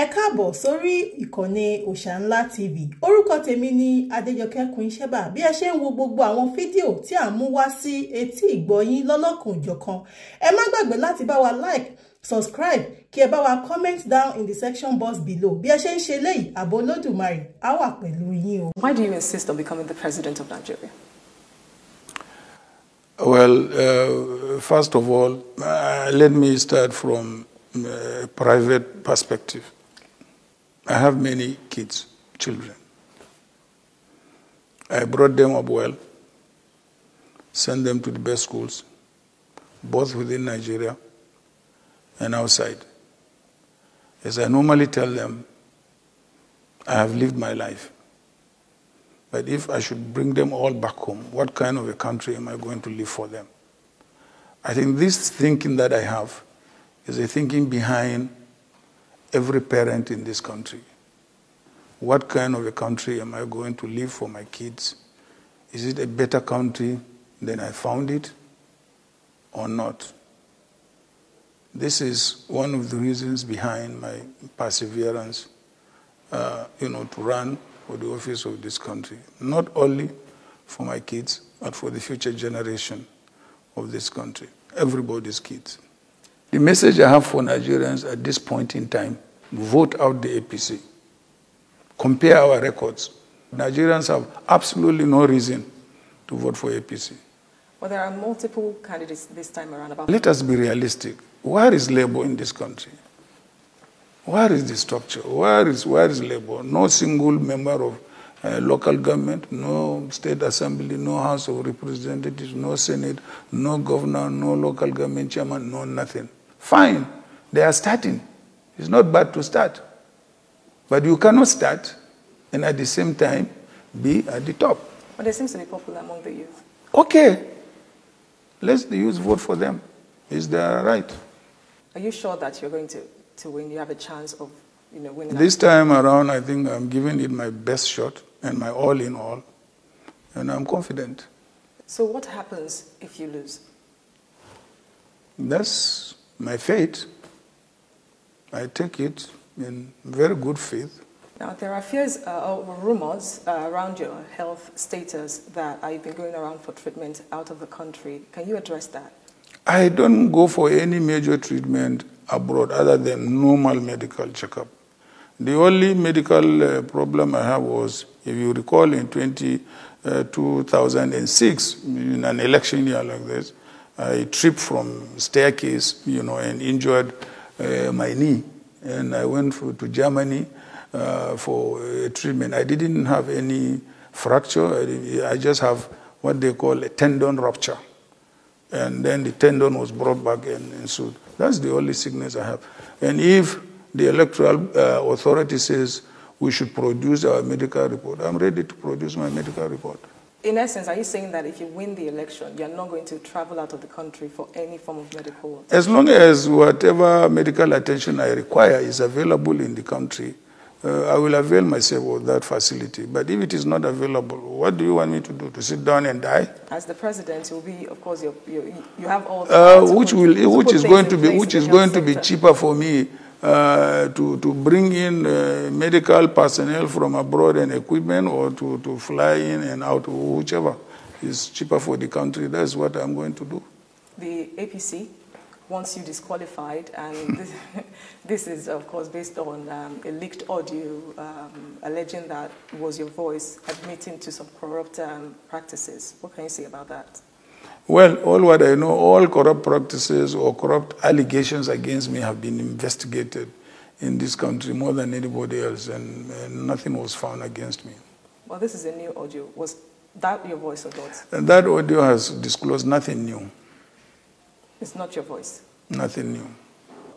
ẹ káàbọ̀ sórí ìkànnì Òòṣàńlá TV orúkọ tèmi ni Adéjọkẹ́ Kúnṣẹ́bà bí ẹ ṣe ń wo gbogbo àwọn fídíò tí à ń mú wá sí etí ìgbọ̀yín lọ́lọ́kùn jọ̀kan ẹ má gbàgbé láti bá wa like subscribe kí ẹ bá wa comment down in the section box below bí ẹ ṣe ń ṣe léyìí ààbò olódùmarè á wà pẹ̀lú yín o. Why do you insist on becoming the president of Nigeria? Well, uh, first of all, uh, let me start from a uh, private perspective. I have many kids, children. I brought them up well, sent them to the best schools, both within Nigeria and outside. As I normally tell them, I have lived my life. But if I should bring them all back home, what kind of a country am I going to live for them? I think this thinking that I have is a thinking behind every parent in this country. What kind of a country am I going to live for my kids? Is it a better country than I found it or not? This is one of the reasons behind my perseverance, uh, you know, to run for the office of this country, not only for my kids, but for the future generation of this country, everybody's kids. The message I have for Nigerians at this point in time vote out the APC. Compare our records. Nigerians have absolutely no reason to vote for APC. Well, there are multiple candidates this time around. About Let us be realistic. Where is labor in this country? Where is the structure? Where is, where is labor? No single member of uh, local government, no state assembly, no house of representatives, no senate, no governor, no local government chairman, no nothing. Fine. They are starting. It's not bad to start. But you cannot start and at the same time be at the top. But it seems to be popular among the youth. Okay. Let the youth vote for them. It's their right. Are you sure that you're going to, to win? You have a chance of you know, winning? This time around, I think I'm giving it my best shot and my all in all. And I'm confident. So what happens if you lose? That's my faith. I take it in very good faith. Now, there are fears uh, or rumors uh, around your health status that i you've been going around for treatment out of the country. Can you address that? I don't go for any major treatment abroad other than normal medical checkup. The only medical uh, problem I have was, if you recall, in 20, uh, 2006, in an election year like this, I tripped from staircase, you know, and injured uh, my knee. And I went for, to Germany uh, for treatment. I didn't have any fracture. I, I, just have what they call a tendon rupture. And then the tendon was brought back and, and so that's the only sickness I have. And if the electoral uh, authority says we should produce our medical report, I'm ready to produce my medical report in essence, are you saying that if you win the election, you're not going to travel out of the country for any form of medical? As long as whatever medical attention I require is available in the country, uh, I will avail myself of that facility. But if it is not available, what do you want me to do? To sit down and die? As the president, you'll be, of course, you you have all. Uh, which will, which is going to be, which is going to be cheaper for me uh, to, to bring in uh, medical personnel from abroad and equipment or to, to fly in and out, whichever is cheaper for the country. That's what I'm going to do. The APC wants you disqualified, and this, this, is, of course, based on um, a leaked audio um, alleging that was your voice admitting to some corrupt um, practices. What can you say about that? Well, all what I know, all corrupt practices or corrupt allegations against me have been investigated in this country more than anybody else, and, and nothing was found against me. Well, this is a new audio. Was that your voice or not? And that audio has disclosed nothing new. It's not your voice? Nothing new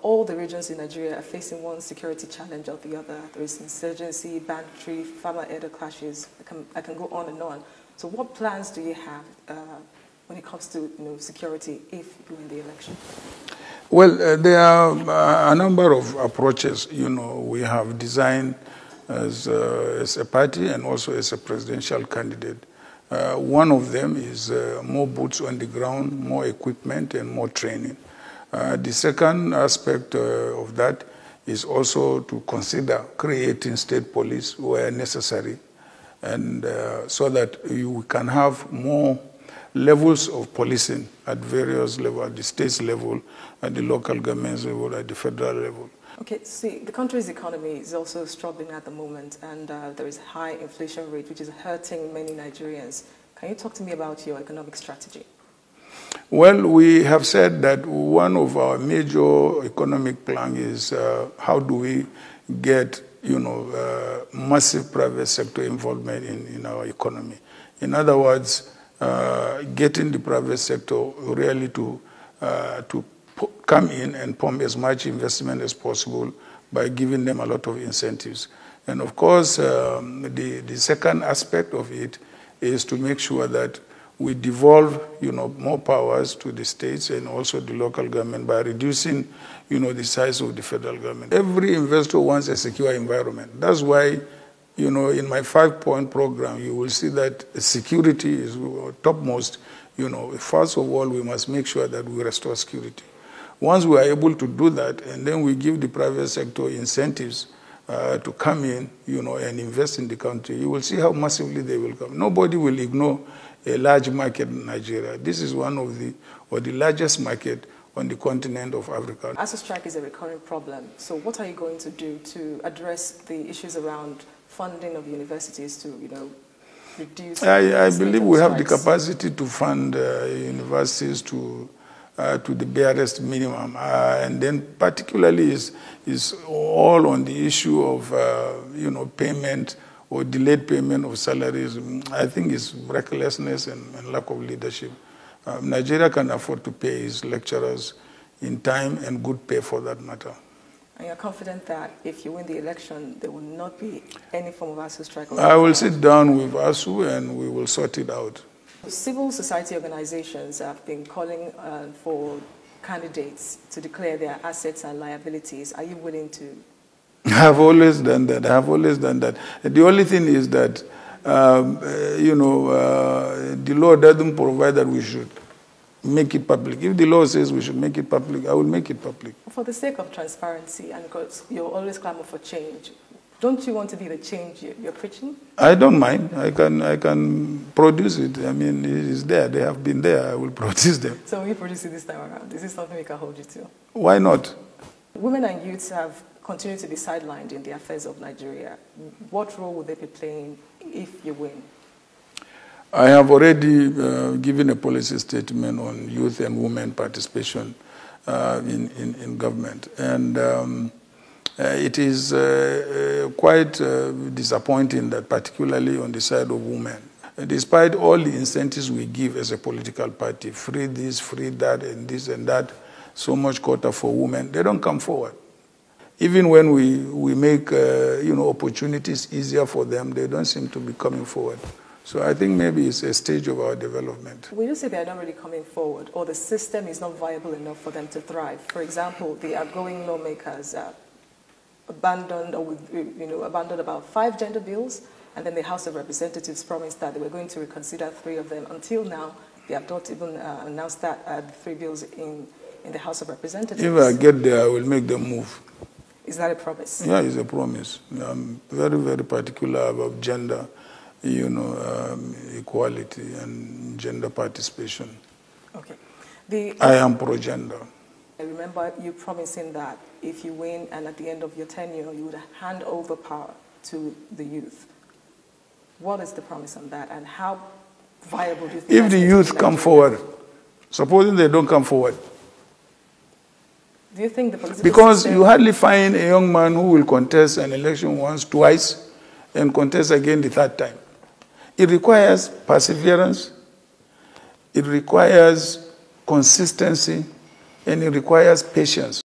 all the regions in Nigeria are facing one security challenge or the other. There is insurgency, banditry, farmer elder clashes. I can, I can go on and on. So what plans do you have uh, when it comes to you know, security if you win the election? Well, uh, there are uh, a number of approaches. You know, we have designed as, uh, as a party and also as a presidential candidate. Uh, one of them is uh, more boots on the ground, more equipment, and more training. Uh, the second aspect of that is also to consider creating state police where necessary, and so that you can have more levels of policing at various levels, at the state level, at the local government level, at the federal level. Okay, see, the country's economy is also struggling at the moment, and uh, there is high inflation rate, which is hurting many Nigerians. Can you talk to me about your economic strategy? Well, we have said that one of our major economic plans is uh, how do we get you know, uh, massive private sector involvement in, in our economy. In other words, uh, getting the private sector really to, uh, to come in and pump as much investment as possible by giving them a lot of incentives. And of course, um, the, the second aspect of it is to make sure that we devolve, you know, more powers to the states and also the local government by reducing, you know, the size of the federal government. Every investor wants a secure environment. That's why you know, in my five-point program, you will see that security is topmost. You know, first of all, we must make sure that we restore security. Once we are able to do that, and then we give the private sector incentives uh, to come in, you know, and invest in the country, you will see how massively they will come. Nobody will ignore a large market in Nigeria. This is one of the, or the largest market on the continent of Africa. ASU strike is a recurring problem. So what are you going to do to address the issues around funding of universities to, you know, reduce... I, I believe we strikes? have the capacity to fund uh, universities to uh, to the barest minimum. Uh, and then particularly is, is all on the issue of, uh, you know, payment or delayed payment of salaries. I think it's recklessness and, and lack of leadership. Um, Nigeria can afford to pay its lecturers in time and good pay for that matter. And you're confident that if you win the election, there will not be any form of ASU strike? I will sit down with ASU and we will sort it out. Civil society organizations have been calling uh, for candidates to declare their assets and liabilities. Are you willing to? I have always done that. I have always done that. The only thing is that um, uh, you know, uh, the law doesn't provide that we should make it public. If the law says we should make it public, I will make it public. For the sake of transparency and because you're always clamor for change, don't you want to be the change you're preaching? I don't mind. I can, I can produce it. I mean, it is there. They have been there. I will produce them. So we produce it this time around. Is this something we can hold you to? Why not? Women and youths have continued to be sidelined in the affairs of Nigeria. What role will they be playing if you win? I have already uh, given a policy statement on youth and women participation uh, in, in, in, government. And um, uh, it is uh, uh, quite uh, disappointing that particularly on the side of women, despite all the incentives we give as a political party, free this, free that, and this and that, so much quota for women, they don't come forward. Even when we, we make uh, you know, opportunities easier for them, they don't seem to be coming forward. So I think maybe it's a stage of our development. When you say they are not really coming forward, or the system is not viable enough for them to thrive, for example, the outgoing lawmakers uh, abandoned, or with, you know, abandoned about five gender bills, and then the House of Representatives promised that they were going to reconsider three of them. Until now, they have not even uh, announced that uh, three bills in, in the House of Representatives. If I get there, I will make them move. Is that a promise? Yeah, it's a promise. I'm very, very particular about gender, you know, um, equality and gender participation. Okay. The, uh, I am pro-gender. I remember you promising that if you win and at the end of your tenure, you would hand over power to the youth. What is the promise on that and how viable do you think If the youth come forward, supposing they don't come forward, do you think the political Because system... you hardly find a young man who will contest an election once, twice, and contest again the third time. It requires perseverance, it requires consistency, and it requires patience.